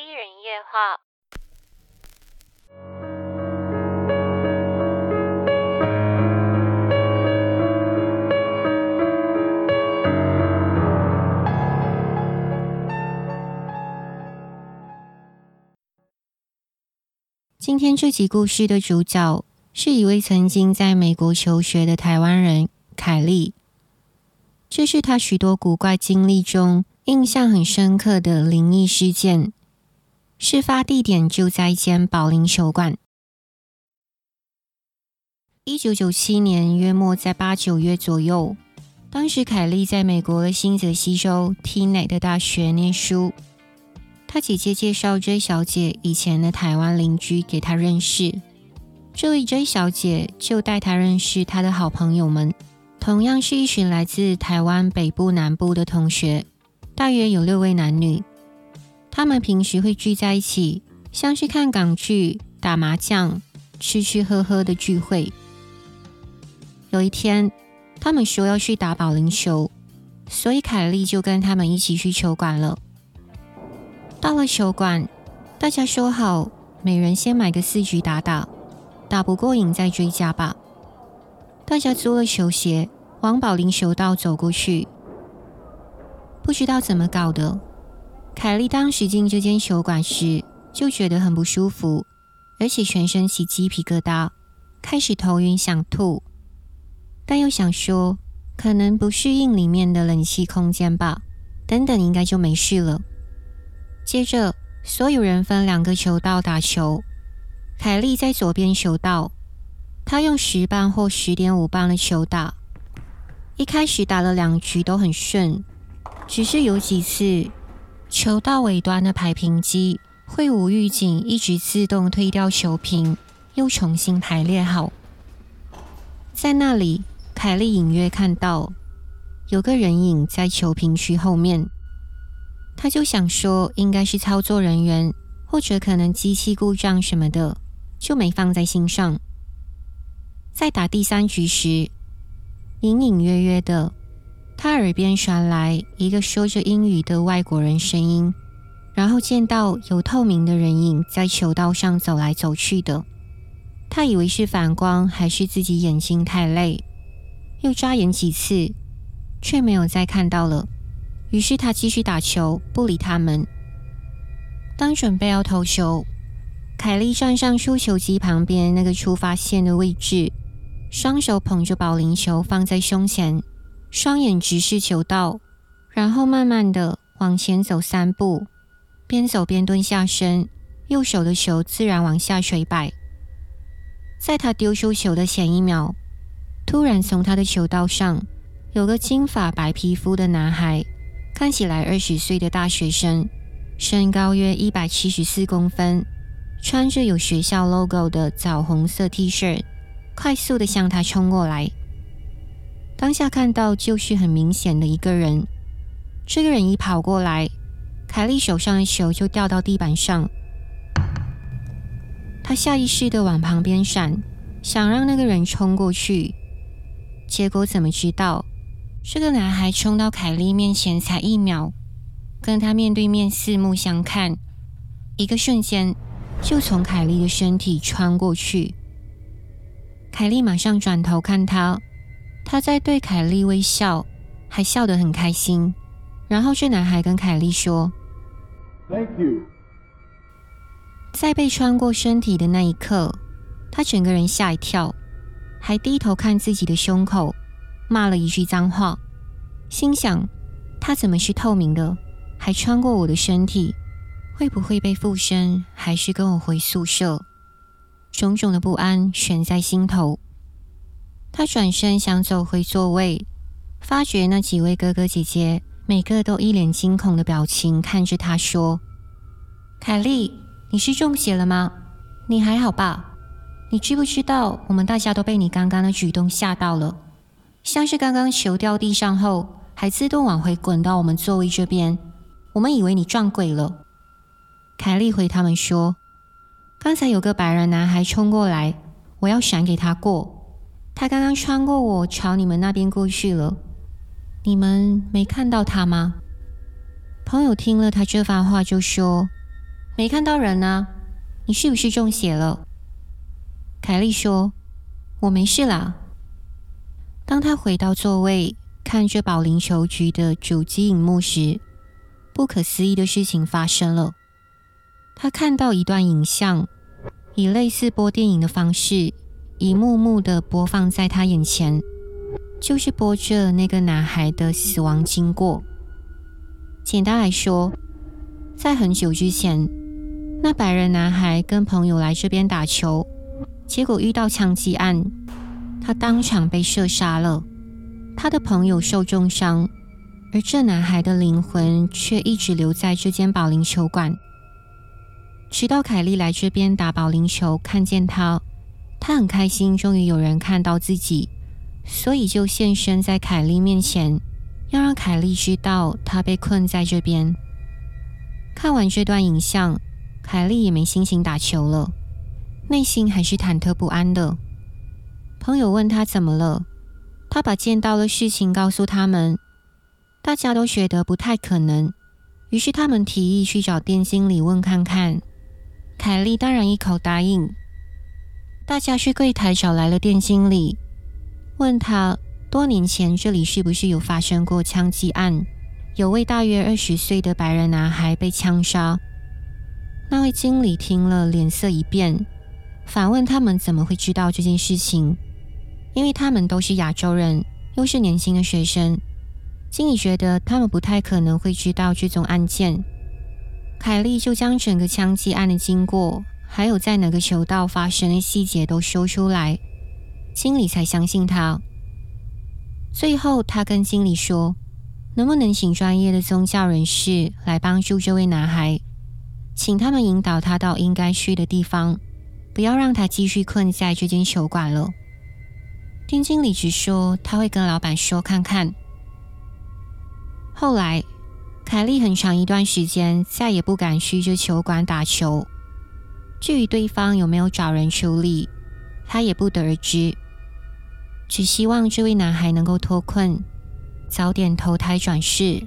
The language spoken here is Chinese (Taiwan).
一人夜話。今天這集故事的主角是一位曾經在美國求學的臺灣人凱莉。這是她許多古怪經歷中印象很深刻的靈異事件。事發地點就在一間保齡球館。一九九七年約莫在八九月左右，當時凱莉在美國的新澤西州 T 內的大學念書。她姐姐介紹 J 小姐以前的台灣鄰居給她認識，這位 J 小姐就帶她認識她的好朋友們，同樣是一群來自台灣北部、南部的同學，大約有六位男女。他們平時會聚在一起，像去看港劇、打麻將、吃吃喝喝的聚會。有一天，他們說要去打保齡球，所以凱莉就跟他們一起去球館了。到了球館，大家說好，每人先買個四局打打，打不過癮再追加吧。大家租了球鞋，往保齡球道走過去。不知道怎麼搞的。凱莉當時進這間球館時，就覺得很不舒服，而且全身起雞皮疙瘩，開始頭暈想吐，但又想說可能不適應裡面的冷氣空間吧。等等，應該就沒事了。接着，所有人分兩個球道打球，凱莉在左邊球道，她用十磅或十點五磅的球打。一開始打了兩局都很順，只是有幾次，球道尾端的排瓶機會無預警一直自動推掉球瓶，又重新排列好。在那裡，凱莉隱約看到有個人影在球瓶區後面，她就想說應該是操作人員，或者可能機器故障什麼的，就沒放在心上。在打第三局時，隱隱約約的。他耳邊傳來一個說着英語的外國人聲音，然後見到有透明的人影在球道上走來走去的。他以為是反光，還是自己眼睛太累，又眨眼幾次，卻沒有再看到了。於是他繼續打球，不理他們。當準備要投球，凱莉站上輸球機旁邊那個出發線的位置，雙手捧着保齡球放在胸前。雙眼直視球道，然後慢慢的往前走三步，邊走邊蹲下身，右手的球自然往下垂擺。在他丟出球的前一秒，突然從他的球道上有個金髮白皮膚的男孩，看起來二十歲的大學生，身高約一百七十四公分，穿着有學校 logo 的棗紅色 T 恤，快速的向他衝過來。當下看到就是很明顯的一個人，這個人一跑過來，凱莉手上的球就掉到地板上。他下意識的往旁邊閃，想讓那個人衝過去。結果怎麼知道？這個男孩衝到凱莉面前才一秒，跟他面對面四目相看，一個瞬間就從凱莉的身體穿過去。凱莉馬上轉頭看他。他在對凱莉微笑，還笑得很開心。然後這男孩跟凱莉說：“Thank you。”在被穿過身體的那一刻，他整個人嚇一跳，還低頭看自己的胸口，罵了一句髒話，心想：他怎麼是透明的？還穿過我的身體，會不會被附身？還是跟我回宿舍？種種的不安懸在心頭。他轉身想走回座位，發覺那幾位哥哥姐姐每個都一臉驚恐的表情看着他，說：“凱莉，你是中邪了嗎？你還好吧？你知不知道我們大家都被你剛剛的舉動嚇到了？像是剛剛球掉地上後，還自動往回滾到我們座位這邊，我們以為你撞鬼了。”凱莉回他們說：“剛才有個白人男孩衝過來，我要閃給他過。”他剛剛穿過我，朝你們那邊過去了。你們沒看到他嗎？朋友聽了他這番話就說：“沒看到人啊，你是不是中邪了？”凱莉說：“我沒事啦。”當他回到座位，看着保齡球局的主機熒幕時，不可思議的事情發生了。他看到一段影像，以類似播電影的方式。一幕幕的播放在他眼前，就是播着那個男孩的死亡經過。簡單來說，在很久之前，那白人男孩跟朋友來這邊打球，結果遇到槍擊案，他當場被射殺了。他的朋友受重傷，而這男孩的靈魂卻一直留在這間保齡球館，直到凱莉來這邊打保齡球，看見他。他很開心，終於有人看到自己，所以就現身在凱莉面前，要讓凱莉知道他被困在這邊。看完這段影像，凱莉也沒心情打球了，內心還是忐忑不安的。朋友問他怎麼了，他把見到的事情告訴他們，大家都覺得不太可能，於是他們提議去找店經理問看看。凱莉當然一口答應。大家去櫃檯找來了店經理，問他多年前這裡是不是有發生過槍擊案？有位大約二十歲的白人男孩被槍殺。那位經理聽了臉色一變，反問他們怎麼會知道這件事情？因為他們都是亞洲人，又是年輕的學生，經理覺得他們不太可能會知道這種案件。凱莉就將整個槍擊案的經過。還有在哪個球道發生的細節都說出來，經理才相信他。最後，他跟經理說：“能不能請專業的宗教人士來幫助這位男孩，請他們引導他到應該去的地方，不要讓他繼續困在這間球館了。”丁經理只說，他會跟老闆說看看。後來，凱莉很長一段時間再也不敢去這球館打球。至於對方有沒有找人處理，他也不得而知，只希望這位男孩能夠脫困，早點投胎轉世。